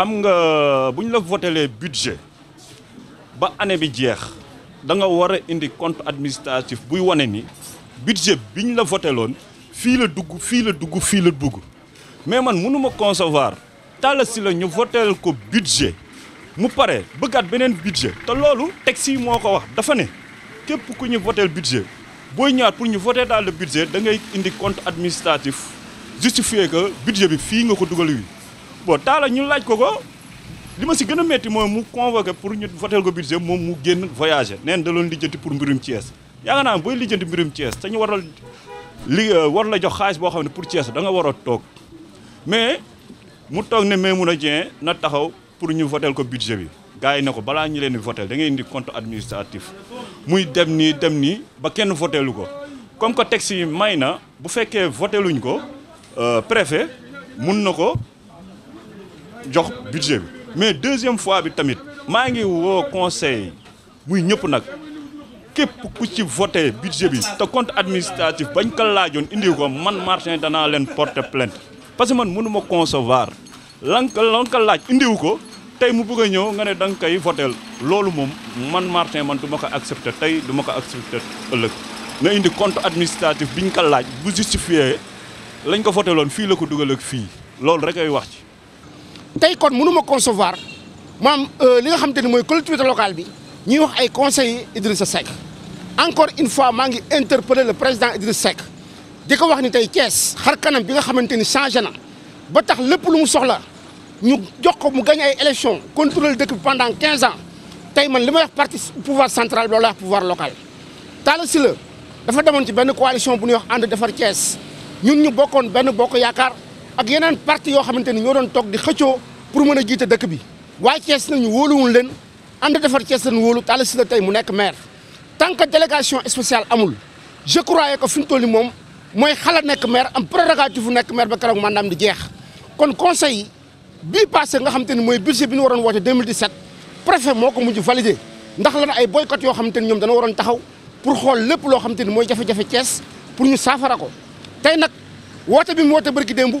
xam nga bu ñu la votelee budget ba année bi jeex da nga war a indi compte administratif buy wane ni budget bi ñu la voteloon fii la dugg fii la dugg fii la dugg mais man mënuma concevoir si la ñu voteel ko budget mu pare bëggaat beneen budget te loolu teg yi moo ko wax dafa ne képp ku ñu voteel budget booy ñaar pour ñu voter daal le budget da ngay indi compte administratif justifier que budget bi fii nga ko dugal bon taala ñu laaj ko ko li ma si gën a métti mooy mu convoqué pour ñu votel ko budget moom mu génn voyagé neen da loon lijjanti pour mbirum Thiès yaakaar naa booy lijjanti mbirum Thiès te ñu waral li euh, war la jox xaalis boo xam ne pour Thiès da nga war a toog mais mu toog ne mais mun a Dieng na taxaw pour ñu votel ko budget bi gars yi ne ko balaa ñu leen di votel danga ngay indi compte administratif muy dem nii dem nii ba kenn votelu ko comme que texte yi may na bu fekkee voteluñ ko euh, préfet mun na ko jox budget bi mais deuxième fois bi tamit ma ngi wo conseil muy ñëpp nak képp ku ci voter budget bi te compte administratif bañ ko laajoon indi ko man Martin dana len porter plainte parce que man mënuma concevoir lank lank lan indi wu ko tay mu bëgg ñëw nga ne dang kay voter lolu mom man Martin man duma ko accepter tay duma ko accepter ëlëk nga indi compte administratif biñ ko laaj bu justifier lañ ko lon fi la ko duggal ak fi lolu rek ay wax ci tay kon mënu ma concevoir maam euh, li nga xamanteni moy mooy collectivité locale bi ñi wax ay conseillers Idrissa Seck encore une fois maa ngi interpeller le président Idrissa Seck diko wax ni tay ties xar kanam bi nga xamanteni ni changé na ba tax lepp lu mu soxla ñu jox ko mu gañ ay élection contrôler dëkk pendant 15 ans tay man limay wax parti pouvoir central lo loolu wax pouvoir local Talla Sylla dafa demoon ci ben coalition bu ñu wax ànd defar ties ñun ñu bokkoon ben bokk yaakar ak yeneen parti yoo xamante ni ñoo doon toog di xëccoo pour mën a jiite dëkk bi waaye Thiès nañu wóoluwul leen ànd defar Thiès nañu wóolu Talla Sylla tey mu nekk maire tant que délégation spéciale amul je croyais que fi mu toll nii moom mooy xala nekk maire am prérogative bu nekk maire ba keroog mandaam di jeex kon conseil yi bii passé nga xamante ni mooy budget bi ñu waroon woote 2017 préfet moo ko mujj validé ndax la lan ay boycott yoo xamante ni ñoom dana waroon taxaw pour xool lépp loo xamante ni mooy jafe-jafe Thiès pour ñu saafara ko tey nag woote bi mu woote barki démb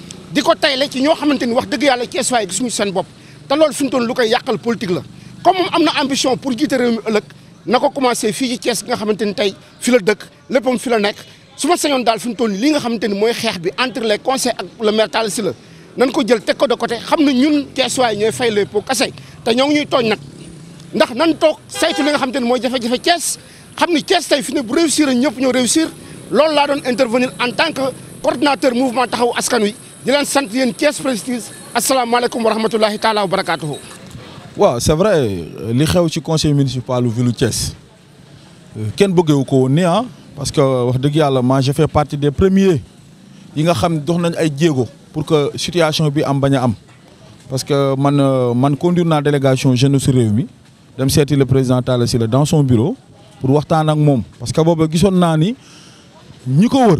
diko tayle ci ñoo xamanteni wax deug yalla Cees waaye gisuñu seen bopp te loolu fi mu toll lu koy yakal politique la comme amna ambition pour jiite réew mi ëllëg na ko commencé ci ties nga xamanteni tay fi la dëkk leppam fi la nekk suma ma dal daal ton li nga xamanteni moy xex bi entre les conseils ak le maire Talla Sylla nan ko jël tek ko de côté xamna ñun Cees waaye ñoy fay les pour cassés ta ñoo ñuy togn nak ndax nan tok saytu li nga xamanteni moy mooy jafe ties xamni ties tay fi ne bu réussir a ñoo réussir loolu la doon intervenir en tant que coordinateur mouvement taxaw askan wi di leen sant yéen Prestige. Prestige alaikum wa rahmatullahi wa barakatuh Oui, c'est vrai li xew ci conseil municipal ville Thiès kenn bëggewu ko woon nii ah parce que wax dëgg yàlla man je fais partie des premiers yi nga xam dox nañ ay jéego pour que situation bi am bañ am parce que man man conduire naa délégation je suis réew mi dem seeti le président Talla Sylla dans son bureau pour waxtaan ak moom parce que booba gisoon naa ni ne ko wër.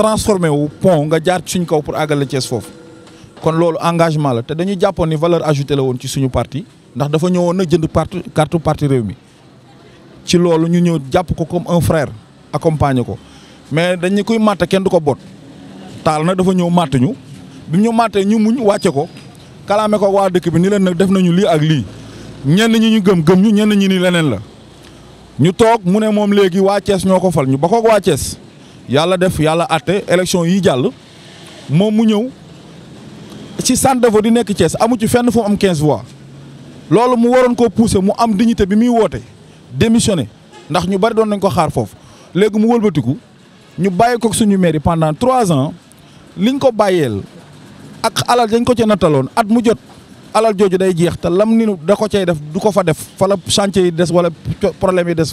transformé au pont nga jaar ciñ ko pour à fof kon lolu engagement la te dañu valeur ajoutée la won ci suñu parti ndax dafa ñëwoon na jënd parti carte parti comme un frère accompagner ko mais nous koy kenn du ko de na dafa ñëw ñu ñu ñu muñ waccé ko ko wa dëkk bi ni leen nak def nañu li ak li ñenn ñi ñu gëm gëm ñi ni la ñu tok mu fal ñu Yalla def yalla até élection yi jall mu ñew ci centre de vote di nek Thiès amu ci fenn fu am 15 voix Nous mu waron ko pousser mu am dignité bi mi woté ndax ñu bari doon nañ ko xaar fofu légui mu wëlbatiku ñu ko suñu pendant trois ans liñ ko ak alal dañ ko at mu jot alal day da ko def du ko fa def fa la chantier des wala problème des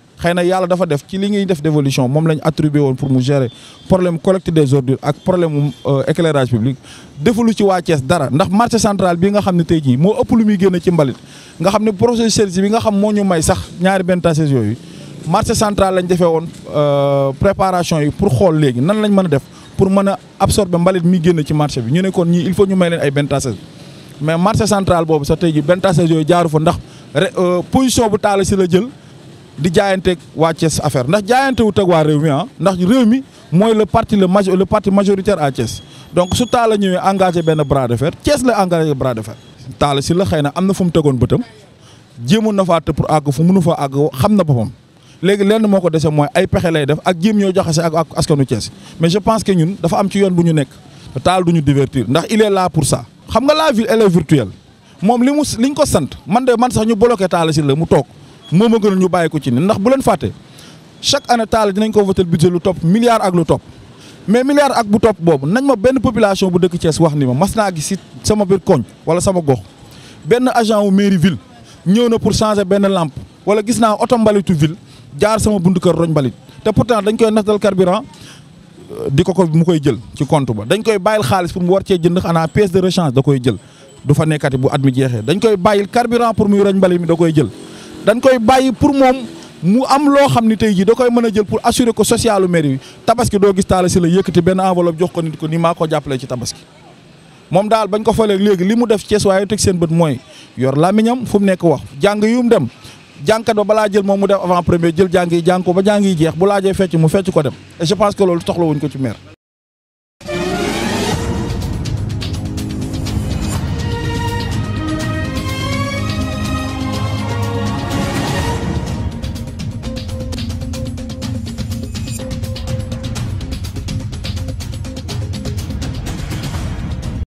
xëy na yàlla dafa def ci li ngay def dévolution moom lañu attribué woon pour mu gérer problème collecte des ordures ak problème mu euh, éclairage public defalu ci waa Thiès dara ndax marché central bi nga xam ne tey jii moo ëpp lu muy génn ci mbalit nga xam ne projet service bi nga xam moo ñu may sax ñaari benn tases yooyu marché central lañ defee woon euh, préparation yi pour xool léegi nan lañ mën a def pour mën a absorber mbalit mi génn ci marché bi ñu ne ñii il faut ñu may leen ay benn tases mais central boobu sax tey jii benn tases yooyu jaaru fa ndax euh, position bu taal si la jël. di jaayanteeg wa Thiès affaire ndax jaayante wut ak waa réew mi ah ndax rewmi moy le parti le majo le parti majoritaire a Thiès donc su Talla ñëwee engagé benn bras de fer Thiès la engagé bras de fer. Talla Sylla xëy na am na fu mu tegoon bëtam jéemoon na faa tëb pour ag fu mënu fa ag xamna bopam légui lenn moko déssé moy ay pexe lay def ak jëm ñoo joxase ak askanu Thiès mais je pense que ñun dafa am ci yoon bu ñu nek taal duñu divertir ndax il est là pour ça. xam nga la ville elle est virtuelle mom limu liñ ko sant man de man sax ñu bloqué si Sylla mu tok moo ma gënal ñu bàyyi ko ci ni ndax bu leen fàtte chaque année taal dinañ ko voté budget lu topp milliard ak lu topp mais milliard ak bu topp boobu nañ ma benn population bu dëkk Thiès wax ni ma mas naa gis sama biir koñ wala sama gox benn agent wu mairie ville ñëw na pour changer benn làmp wala gis naa oto mbalitu ville jaar sama buntu kër roñ mbalit te pour pourtant dañ koy natal carburant euh, di ko ko mu koy jël ci compte ba dañ koy bàyyil xaalis pour mu war cee jënd xanaa rechange da koy jël fa nekkati bu at mi jeexee dañ koy bàyyil carburant pour muy roñ mbalit mi da koy jël dañ koy bàyyi pour moom mu am loo xam ni tey jii da koy mën a jël pour assurer ko socialu mairie bi tabaski doo gis taala si la yëkkati benn enveloppe jox ko nit ko ni maa ko jàppale ci tabaski moom daal bañ ko falee léegi li mu def Cees waaye teg seen bët mooy yor làmmiñam fu mu nekk wax jàng yu mu dem jàngkat ba balaa jël moom mu def avant premier jël jàng yi ko ba jàng yi jeex bu laajee fecc mu fecc ko dem et je pense que loolu soxla wuñ ko ci maire